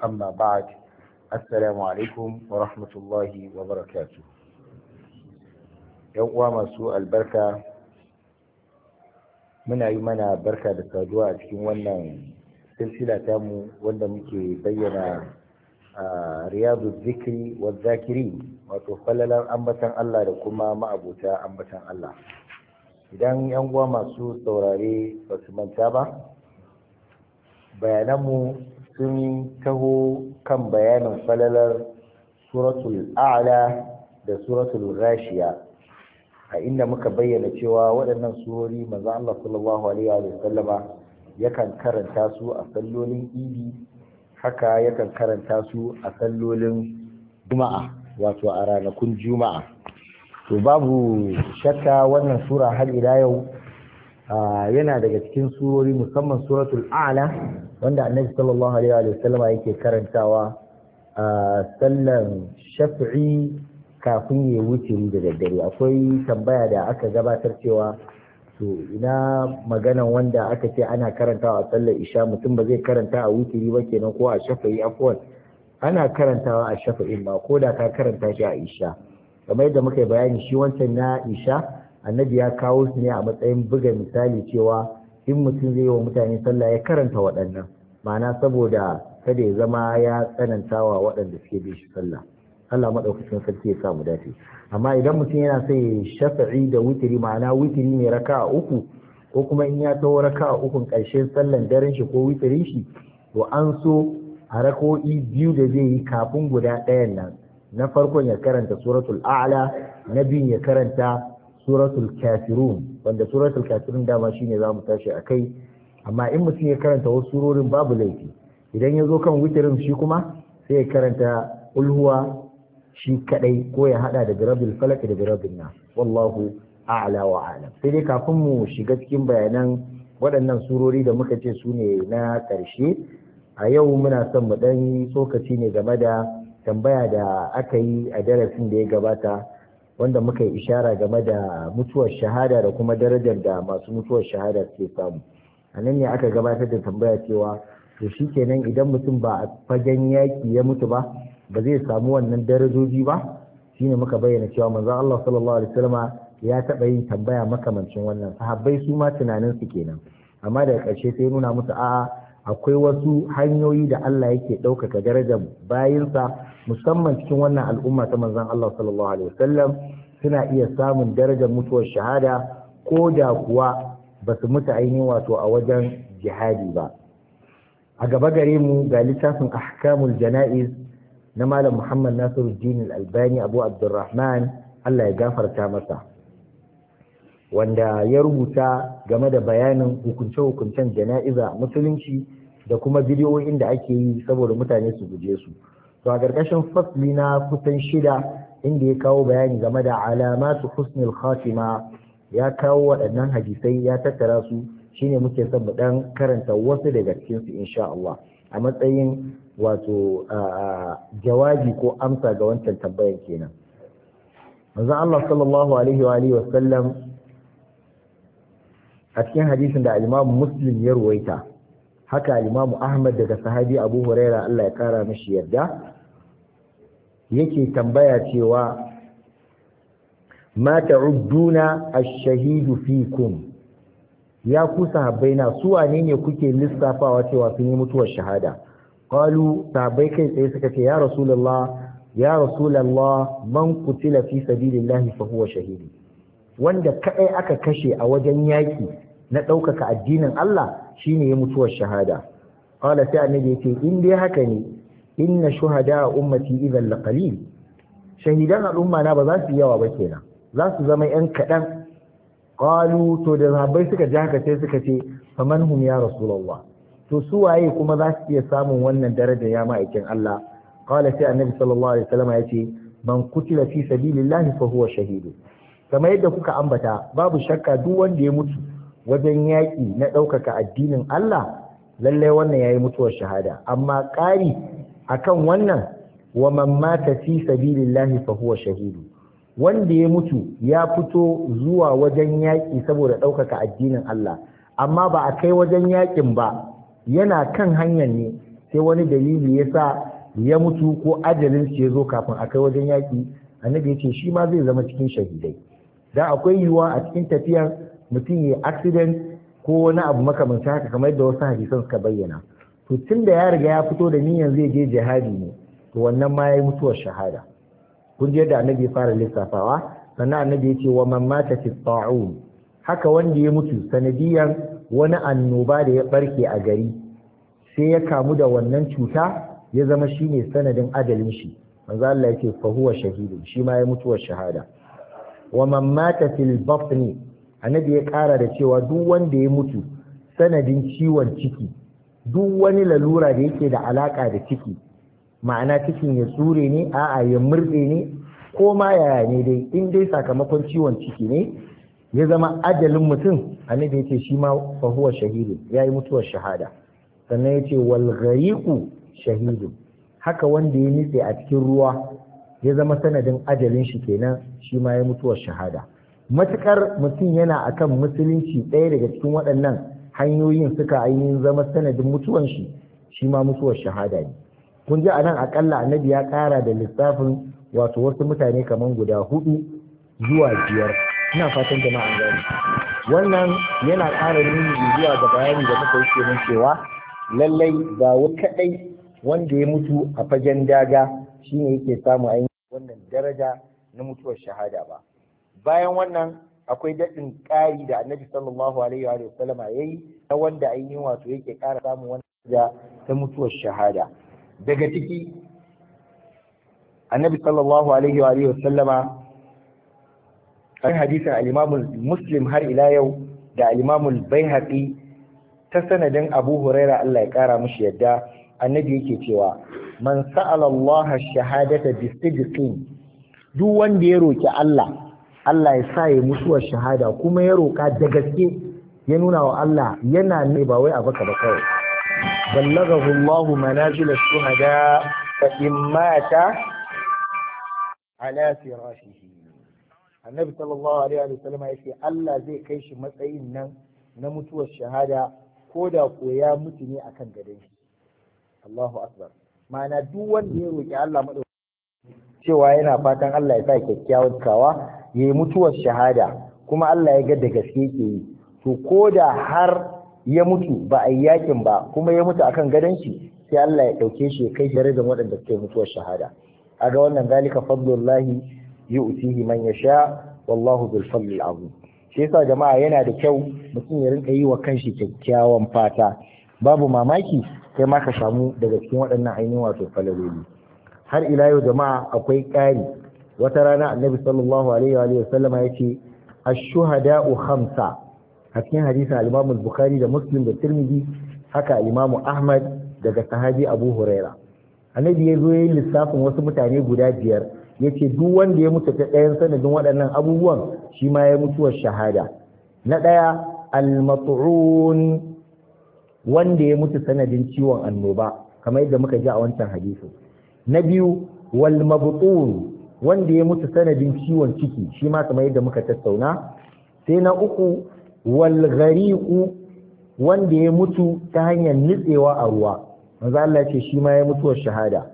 amma ba'd assalamu alaikum wa rahmatullahi wa barakatuh yan uwa masu albarka muna yi mana barka da saduwa a cikin wannan silsila mu wanda muke bayyana riyadu zikri wa zakiri wato falalar ambatan Allah da kuma ma'abuta ambatan Allah idan yan uwa masu saurare ba su manta ba bayananmu sun taho kan bayanin falalar suratul a'la da suratul rashiya a inda muka bayyana cewa waɗannan surori manzo Allah sallallahu alaihi wa sallama yakan karanta su a sallolin idi haka yakan karanta su a sallolin juma'a wato a ranakun juma'a to babu shakka wannan sura har ila yau yana daga cikin surori musamman suratul a'la wanda annabi sallallahu alaihi wa sallama yake karantawa a sallan shafi'i kafin ya wuce da daddare akwai tambaya da aka gabatar cewa to ina maganan wanda aka ce ana karantawa a sallar isha mutum ba zai karanta a wukiri ba kenan ko a shafa'i afwan ana karantawa a shafa'in ba ko da ka karanta shi a isha kamar yadda muka yi bayani shi wancan na isha annabi ya kawo su ne a matsayin buga misali cewa in mutum zai yi wa mutane sallah ya karanta waɗannan ma'ana saboda kada ya zama ya tsanantawa waɗanda suke bin shi sallah Allah maɗaukacin sarki ya samu mu dace amma idan mutum yana sai shafi'i da witiri ma'ana witiri ne raka a uku ko kuma in ya taho raka a ukun ƙarshen sallan daren shi ko witirin shi to an so a rako'i biyu da zai yi kafin guda ɗayan nan na farkon ya karanta suratul a'la na biyun ya karanta suratul kafirun wanda suratul kafirun dama shine za mu tashi a kai amma in mutum ya karanta wasu surorin babu laifi idan ya zo kan witirin shi kuma sai ya karanta ulhuwa shi kadai ko ya hada da birabil falak da birabil nas wallahu a'la wa a'lam sai dai kafin mu shiga cikin bayanan waɗannan surori da muka ce su ne na ƙarshe a yau muna son mu ɗan tsokaci ne game da tambaya da aka yi a darasin da ya gabata wanda muka yi ishara game da mutuwar shahada da kuma darajar da masu mutuwar shahada suke samu a nan ne aka gabatar da tambaya cewa to shi kenan idan mutum ba a fagen yaƙi ya mutu ba ba zai samu wannan darajoji ba Shi ne muka bayyana cewa manzo Allah sallallahu alaihi wasallam ya taɓa yin tambaya makamancin wannan sahabbai su ma tunanin su kenan amma daga ƙarshe sai nuna musu a'a akwai wasu hanyoyi da Allah yake ɗaukaka darajar bayinsa musamman cikin wannan al'umma ta Manzan Allah sallallahu alaihi wasallam suna iya samun darajar mutuwar shahada ko da kuwa ba su mutu ainihin wato a wajen jihadi ba a gaba gare mu ga littafin ahkamul jana'iz na malam Muhammad Nasiruddin Al-Albani Abu Abdurrahman Allah ya gafarta masa wanda ya rubuta game da bayanin hukunce-hukuncen jana'iza musulunci da kuma bidiyoyin da ake yi saboda mutane su guje su to a ƙarƙashin fasli na kusan shida inda ya kawo bayani game da alamatu husnul khatima ya kawo waɗannan hadisai ya tattara su shine muke son mu dan karanta wasu daga cikin su insha Allah a matsayin wato jawabi ko amsa ga wancan tambayar kenan manzo Allah sallallahu alaihi wa alihi wa a cikin hadisin da al-Imam Muslim ya ruwaita haka imamu ahmad daga sahabi abu huraira Allah ya kara shi yarda yake tambaya cewa mata ta'udduna ash-shahidu fikum ya ku sahabbai na su wane ne kuke lissafawa cewa sun yi mutuwar shahada qalu sahabbai kai tsaye suka ce ya rasulullah ya rasulullah man qutila fi sabilillahi fa huwa shahidi wanda kadai aka kashe a wajen yaki na ɗaukaka addinin Allah ne ya mutuwar shahada qala sai annabi yace in dai haka ne inna shuhada ummati idhan laqalil shahidan al'umma na ba za su yawa ba kenan za su zama yan kaɗan. qalu to da sahabbai suka ji haka sai suka ce faman hum ya rasulullah to su waye kuma za su iya samun wannan darajar ya ma'aikin Allah qala sai annabi sallallahu alaihi wasallam yace man kutila fi sabilillahi fa huwa shahidu kamar yadda kuka ambata babu shakka duk wanda ya mutu wajen yaƙi na ɗaukaka addinin Allah lallai wannan ya yi mutuwar shahada amma ƙari a kan wannan wa man mata fi sabilillahi fa huwa shahidu wanda ya mutu ya fito zuwa wajen yaƙi saboda ɗaukaka addinin Allah amma ba a kai wajen yaƙin ba yana kan hanyar ne sai wani dalili ya sa ya mutu ko ajalin shi ya zo kafin a kai wajen yaƙi annabi ya ce shi ma zai zama cikin shahidai da akwai yiwuwa a cikin tafiyar mutum ya accident ko wani abu makamancin haka kamar yadda wasu hadisan suka bayyana to tun da ya riga ya fito da niyan zai je jihadi ne to wannan ma yayi mutuwar shahada kun je da annabi ya fara lissafawa sannan annabi ya ce wa man mata fi ta'un haka wanda ya mutu sanadiyan wani annoba da ya barke a gari sai ya kamu da wannan cuta ya zama shine sanadin adalin shi manzo Allah yake fa huwa shahidun shi ma ya mutuwar shahada wa man mata fil batni annabi ya kara da cewa duk wanda ya mutu sanadin ciwon ciki duk wani lalura da yake da alaƙa da ciki ma'ana cikin ya tsure ne a'a ya murɗe ne ko ma yaya ne dai in dai sakamakon ciwon ciki ne ya zama ajalin mutum annabi ya ce shi ma fahuwa shahidu ya yi mutuwar shahada sannan ya ce walgariku shahidu haka wanda ya nitse a cikin ruwa ya zama sanadin ajalin shi kenan shi ma ya mutuwar shahada matuƙar mutum yana akan musulunci ɗaya daga cikin waɗannan hanyoyin suka ainihin zama sanadin mutuwan shi shi ma mutuwar shahada ne kun ji a nan akalla annabi ya ƙara da lissafin wato wasu mutane kamar guda hudu zuwa biyar ina fatan jama'an gani wannan yana ƙara nuni zuwa ga bayani da muka yi mun cewa lallai ba kaɗai wanda ya mutu a fagen daga shine yake samu ainihin wannan daraja na mutuwar shahada ba bayan wannan akwai daɗin ƙari da annabi sallallahu alaihi wa sallama ya yi na wanda ainihin wato yake ƙara samun wani da ta mutuwar shahada daga ciki annabi sallallahu alaihi wa sallama a hadisin al muslim har ila yau da al-imamul ta sanadin abu huraira Allah ya ƙara mashi yadda annabi yake cewa man sa'ala Allah shahadata bi duk wanda ya roki Allah Allah ya sa ya mutuwar shahada kuma ya roƙa da gaske ya nuna wa Allah yana ne ba wai a baka ba kawai ballaghahu Allahu manazil ash-shuhada fa in mata ala firashihi annabi sallallahu alaihi wa sallam ce Allah zai kai shi matsayin nan na mutuwar shahada ko da ko ya mutu ne akan gadon shi Allahu akbar ma'ana duk wanda ya roƙi Allah cewa yana fatan Allah ya sa kyakkyawar kawa ya yi mutuwar shahada kuma Allah ya ga da gaske ke yi to ko da har ya mutu ba a yi yakin ba kuma ya mutu akan gadon shi sai Allah ya ɗauke shi ya kai jaridan waɗanda suke mutuwar shahada A ga wannan zalika fadlullahi yu'tihi man yasha wallahu bil fadli azim shi yasa jama'a yana da kyau mutum ya rinka yi wa kanshi kyakkyawan fata babu mamaki sai ma ka samu daga cikin waɗannan ainihin wato falaloli har ila yau jama'a akwai ƙari wata rana annabi sallallahu alaihi wa sallam ya ce ash-shuhada'u khamsa a cikin hadisi al-Imam bukhari da Muslim da Tirmidhi haka Imam Ahmad daga sahabi Abu Huraira annabi ya zo yayin lissafin wasu mutane guda biyar yace duk wanda ya mutu ta ɗayan sanadin waɗannan abubuwan shi ma ya mutuwar shahada na ɗaya al-mat'un wanda ya mutu sanadin ciwon annoba kamar yadda muka ji a wancan hadisin na biyu wal wanda ya mutu sanadin ciwon ciki shi ma kamar yadda muka tattauna sai na uku wal wanda ya mutu ta hanyar nitsewa a ruwa manzo Allah ce shi ma ya mutuwar shahada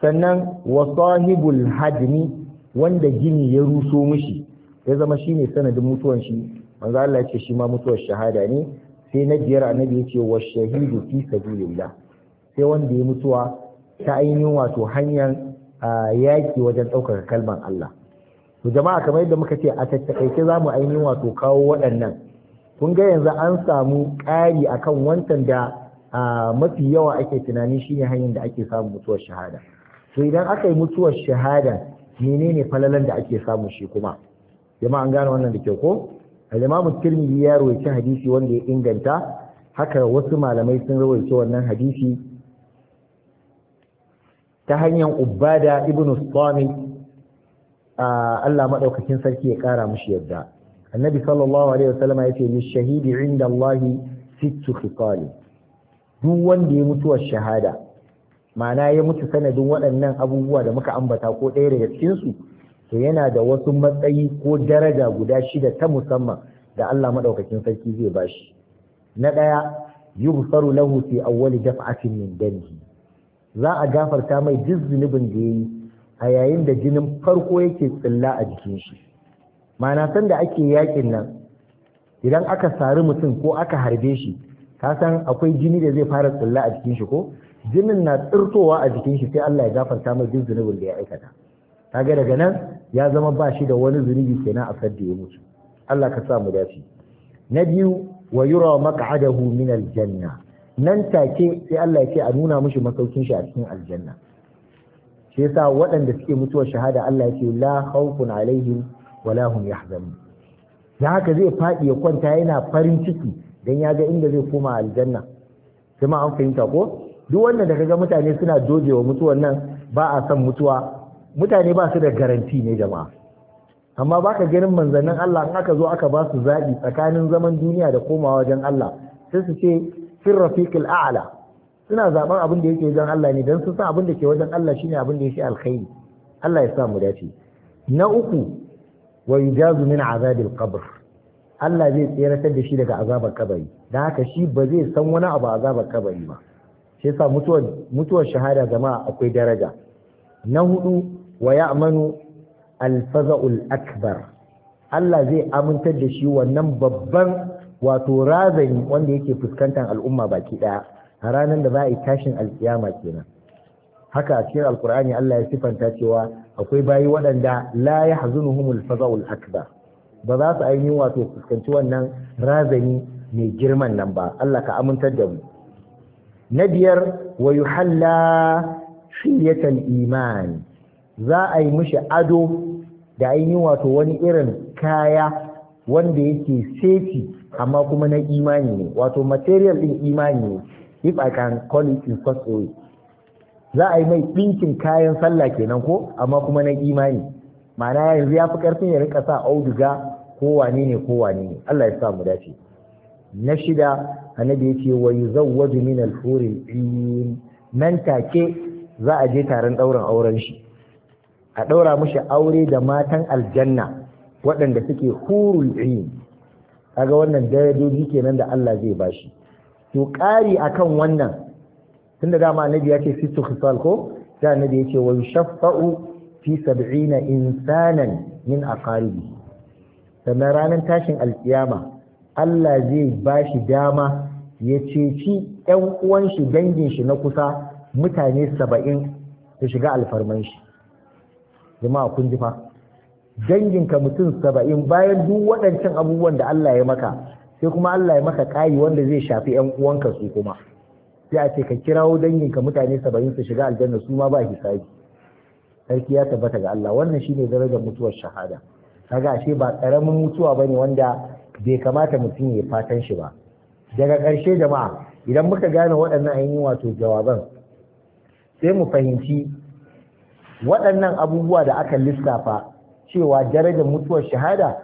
sannan wa hadmi wanda gini ya ruso mishi ya zama shi ne sanadin mutuwan shi manzo Allah ce shi ma mutuwar shahada ne sai na biyar annabi ya ce wa shahidu fi sabilillah sai wanda ya mutuwa ta ainihin wato hanyar yaƙi wajen ɗaukar kalman Allah to jama'a kamar yadda muka ce a tattakaice za mu ainihin wato kawo waɗannan kun ga yanzu an samu ƙari akan wancan da mafi yawa ake tunani shine hanyar da ake samun mutuwar shahada to idan aka yi mutuwar shahada menene falalan da ake samu shi kuma jama'a an gane wannan da kyau? ko al tirmidhi ya rawaita hadisi wanda ya inganta haka wasu malamai sun rawaita wannan hadisi ta hanyar ubada ibn sami Allah madaukakin sarki ya kara mushi yadda annabi sallallahu alaihi wasallam ya ce ni shahidi inda Allah sittu khiqali duk wanda ya mutuwar shahada ma'ana ya mutu sanadin waɗannan abubuwa da muka ambata ko ɗaya daga cikin su to yana da wasu matsayi ko daraja guda shida ta musamman da Allah madaukakin sarki zai bashi na ɗaya yubsaru lahu fi awwali daf'atin min danhi za a gafarta mai duk zunubin da ya yi a yayin da jinin farko yake tsilla a jikin shi ma'ana san da ake yakin nan idan aka sari mutum ko aka harbe shi ka san akwai jini da zai fara tsilla a jikin shi ko jinin na tsirtowa a jikin shi sai Allah ya gafarta mai duk zunubin da ya aikata kaga daga nan ya zama ba shi da wani zunubi kenan a sadda ya mutu Allah ka sa mu dace na biyu wa yura maq'adahu min janna. nan take sai Allah ya ce a nuna mushi masaukin shi a cikin aljanna shi yasa waɗanda suke mutuwar shahada Allah ya ce la khawfun alaihim la hum yahzanun dan haka zai faɗi ya kwanta yana farin ciki dan ya ga inda zai koma aljanna kuma an fahimta ko duk wanda da kaga mutane suna dojewa mutuwar nan ba a son mutuwa mutane ba su da garanti ne jama'a amma baka ganin manzannin Allah in aka zo aka ba su zaɓi tsakanin zaman duniya da komawa wajen Allah sai su ce fi rafiqil a'la suna zaben abin da yake wajen Allah ne dan su san abin da ke wajen Allah shine abin da yake alkhairi Allah ya sa mu dace na uku wa yujazu min azabil qabr Allah zai tseratar da shi daga azabar kabari dan haka shi ba zai san wani abu azabar kabari ba shi yasa mutuwar mutuwar shahada jama'a akwai daraja na hudu wa ya'manu al-faza'ul akbar Allah zai amintar da shi wannan babban wato razani wanda yake fuskantar al'umma baki daya a ranar da za a yi tashin alkiyama kenan haka a cikin alkur'ani Allah ya sifanta cewa akwai bayi waɗanda la yahzunuhumul faza'ul akbar ba za su ainihin wato fuskanci wannan razani mai girman nan ba Allah ka amintar da mu na biyar wa yuhalla shiyatal iman za a yi mishi ado da ainihin wato wani irin kaya wanda yake seti amma kuma na imani ne wato material din imani ne if i can call it in such a way za a yi mai ɗinkin kayan sallah kenan ko amma kuma na imani ma'ana yanzu ya fi ƙarfin ya rika sa auduga ko wane ne ko wane ne Allah ya sa mu dace na shida annabi ya ce wa yuzawwaju min al-huril nan take za a je taron ɗaurin auren shi a ɗaura mishi aure da matan aljanna waɗanda suke hurul ain kaga wannan darajoji kenan da Allah zai bashi to ƙari akan wannan tunda dama annabi ya ce sittu khisal ko da annabi ya ce wa yushaffa'u fi 70 insanan min aqaribi sannan ranar tashin alkiyama Allah zai bashi dama ya ceci ƴan uwan shi dangin shi na kusa mutane 70 su shiga alfarman shi jama'a kun ji fa danginka mutum saba'in bayan duk waɗancan abubuwan da Allah ya maka sai kuma Allah ya maka kayi wanda zai shafi ‘yan uwanka su kuma sai a ce ka kirawo danginka mutane saba'in su shiga aljanna su ma ba hisabi sarki ya tabbata ga Allah wannan shine darajar mutuwar shahada kaga ashe ba karamin mutuwa bane wanda bai kamata mutum ya fatan shi ba daga ƙarshe jama'a idan muka gane waɗannan ainihin wato jawaban sai mu fahimci waɗannan abubuwa da aka lissafa cewa darajar mutuwar shahada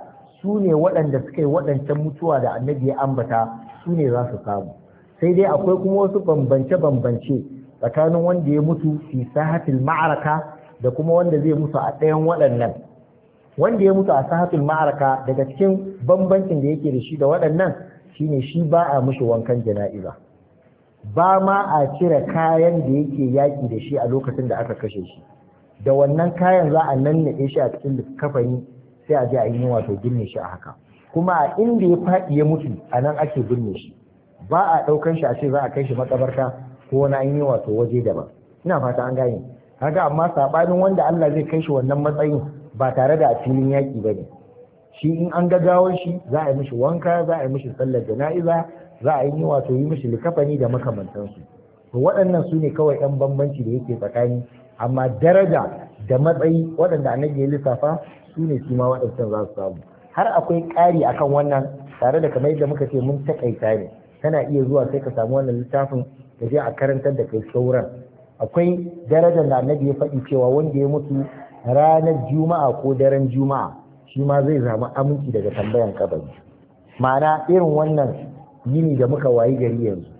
su ne waɗanda suka yi waɗancan mutuwa da annabi ya ambata su ne za su samu sai dai akwai kuma wasu bambance-bambance tsakanin wanda ya mutu fi sahafin ma'araka da kuma wanda zai mutu a ɗayan waɗannan wanda ya mutu a sahatul ma'araka daga cikin bambancin da yake da shi da waɗannan shine shi ba a mushi wankan jana'iza ba ma a cire kayan da yake yaƙi da shi a lokacin da aka kashe shi da wannan kayan za a naɗe shi a cikin kafani sai a je a yi wato binne shi a haka kuma a inda ya faɗi ya mutu a nan ake binne shi ba a ɗaukan shi a ce za a kai shi makabarta ko wani an yi wato waje daban ina fata an gane haka amma saɓanin wanda Allah zai kai shi wannan matsayin ba tare da a filin yaƙi ba ne shi in an gaggawar shi za a yi mishi wanka za a yi mishi sallar jana'iza za a yi wato yi mishi likafani da makamantansu to waɗannan su ne kawai 'yan bambanci da yake tsakani amma daraja da matsayi waɗanda annabi ya lissafa su ne su ma waɗancan za su samu har akwai ƙari akan wannan tare da kamar yadda muka ce mun taƙaita ne kana iya zuwa sai ka samu wannan littafin da je a karantar da kai sauran akwai daraja da annabi ya faɗi cewa wanda ya mutu ranar juma'a ko daren juma'a shi ma zai samu aminci daga tambayan kabari ma'ana irin wannan yini da muka wayi gari yanzu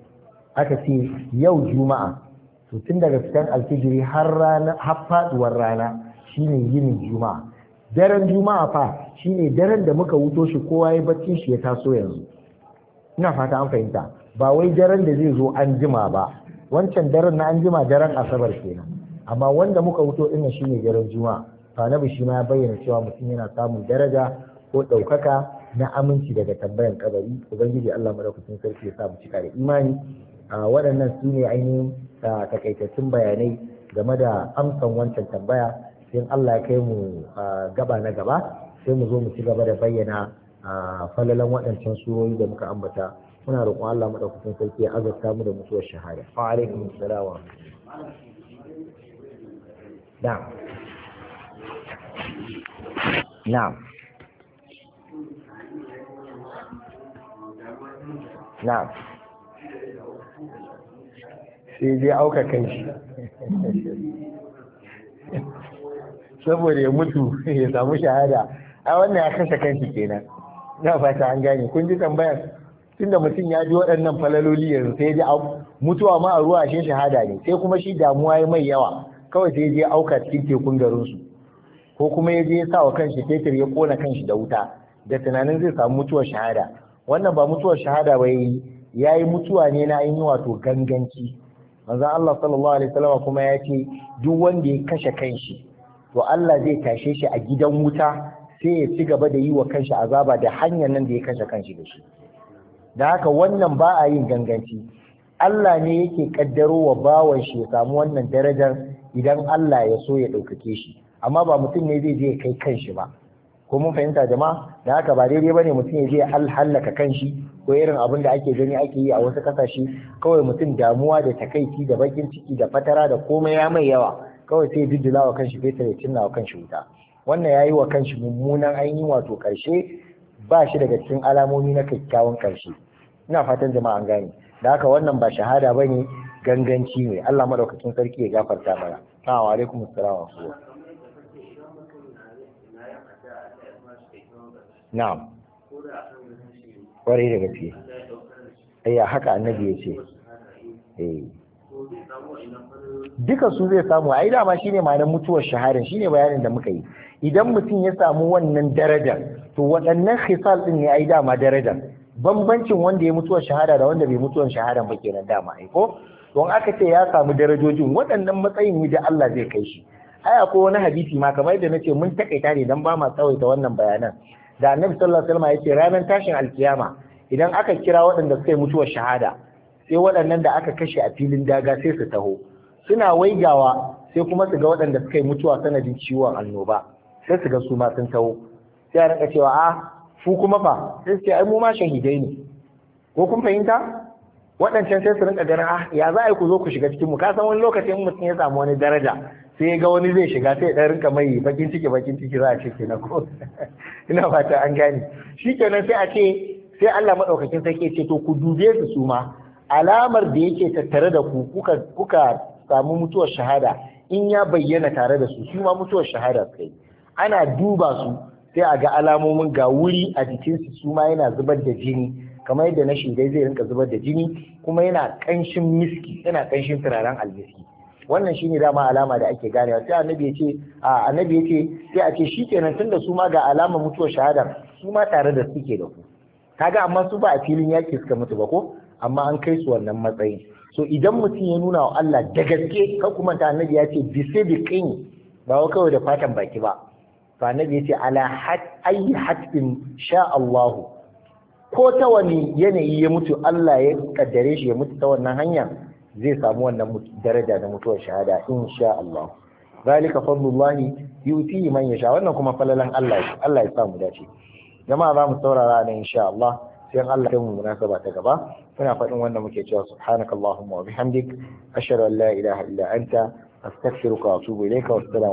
aka ce yau juma'a to tun daga fitan alfijiri har rana har faduwar rana shine yinin juma'a daren juma'a fa shine daren da muka wuto shi kowa ya bacci shi ya taso yanzu ina fata an fahimta ba wai daren da zai zo an jima ba wancan daren na an jima daren asabar kenan amma wanda muka wuto ina shine daren juma'a fanabi shi ma ya bayyana cewa mutum yana samun daraja ko ɗaukaka na aminci daga tambayan kabari ubangiji Allah madaukakin sarki ya sa mu cika da imani waɗannan su ne ainihin takaitattun bayanai game da amsan wancan tambaya sai Allah ya kai mu gaba na gaba sai mu zo mu ci gaba da bayyana falalan waɗancan surori da muka ambata muna roƙon Allah madaukakin sarki ya azurta mu da mutuwar shahada wa alaikum assalam na'am na'am na'am sai je auka kan shi saboda ya mutu ya samu shahada a wannan ya kashe shi kenan na fata an gane kun ji tambayar tunda mutum ya ji waɗannan falaloli yanzu sai ji mutuwa ma a ruwa shi shahada ne sai kuma shi damuwa ya mai yawa kawai sai je auka cikin tekun garinsu ko kuma ya je ya sa wa kanshi fetur ya kona kanshi da wuta da tunanin zai samu mutuwar shahada wannan ba mutuwar shahada ba yayi yayi mutuwa ne na ainihin wato ganganci manzon Allah sallallahu alaihi wasallam kuma ya ce duk wanda ya kashe kanshi to Allah zai tashe shi a gidan wuta sai ya ci gaba da yi wa kanshi azaba da hanyar nan da ya kashe kanshi da shi da haka wannan ba a yin ganganci Allah ne yake kaddaro wa bawan shi ya samu wannan darajar idan Allah ya so ya ɗaukake shi amma ba mutum ne zai je kai kanshi ba ko mun fahimta jama'a da haka ba daidai bane mutum ya je alhallaka kanshi ko irin abin da ake gani ake yi a wasu kasashe kawai mutum damuwa da takaici da bakin ciki da fatara da komai ya mai yawa kawai sai jijjila wa kanshi fetur ya cinna wa kanshi wuta wannan ya yi wa kanshi mummunan ainihin wato karshe ba shi daga cikin alamomi na kyakkyawan karshe ina fatan jama'a an gane da haka wannan ba shahada ba ne ganganci ne Allah maɗaukacin sarki ya gafarta mana assalamu alaikum assalamu alaikum na'am kwarai da gaske ya haka annabi ya ce eh. duka su zai samu ai dama shine ma'anar mutuwar shaharin shine bayanin da muka yi idan mutum ya samu wannan daraja, to waɗannan hisal din ne ai dama darajar bambancin wanda ya mutuwar shahada da wanda bai mutuwar shahada ba kenan dama ai ko don aka ce ya samu darajojin waɗannan matsayin ne da Allah zai kai shi aya ko wani hadisi ma kamar yadda nace mun takaita ne dan ba ma tsawaita wannan bayanan da annabi sallallahu alaihi wasallam yace ranar tashin alkiyama idan aka kira waɗanda suka yi mutuwar shahada sai waɗannan da aka kashe a filin daga sai su taho suna waigawa sai kuma su ga waɗanda suka yi mutuwa sanadin ciwon annoba sai su ga su ma sun taho sai a rinka cewa a ah, fu kuma fa sai su ce ai mu ma shahidai ne ko kun fahimta waɗancan sai su rinka ganin ah ya za a yi ku zo ku shiga cikin mu ka san wani lokacin mutum ya samu wani daraja sai ga wani zai shiga sai ɗan rinka mai bakin ciki bakin ciki za a ce kenan ko ina fata an gane shi kenan sai a ce sai Allah madaukakin sarki ce to ku dube su su ma alamar da yake tattare da ku kuka samu mutuwar shahada in ya bayyana tare da su su ma mutuwar shahada kai ana duba su sai a ga alamomin ga wuri a jikinsu su ma yana zubar da jini kamar yadda na shigai zai rinka zubar da jini kuma yana kanshin miski yana kanshin turaren almiski wannan shine dama alama da ake ganewa sai annabi yace a annabi yace sai a ce shikenan tunda su ma ga alama mutuwar shahada su ma tare da suke da ku kaga amma su ba a filin yaki suka mutu ba ko amma an kai su wannan matsayin so idan mutum ya nuna wa Allah da gaske ka kuma ta annabi ya ce bisidiqin ba wa kawai da fatan baki ba to annabi ya ce ala hat ayi hatin sha Allahu ko ta wani yanayi ya mutu Allah ya kaddare shi ya mutu ta wannan hanyar? zai samu wannan daraja da mutuwar shahada insha Allah zalika fadlullahi yuti man yasha wannan kuma falalan Allah shi Allah ya sa mu dace jama'a za mu saurara ne insha Allah sai Allah ya mu munasaba ta gaba muna faɗin wannan muke cewa subhanakallahumma wa bihamdik ashhadu an la ilaha illa anta astaghfiruka wa atubu ilayka wa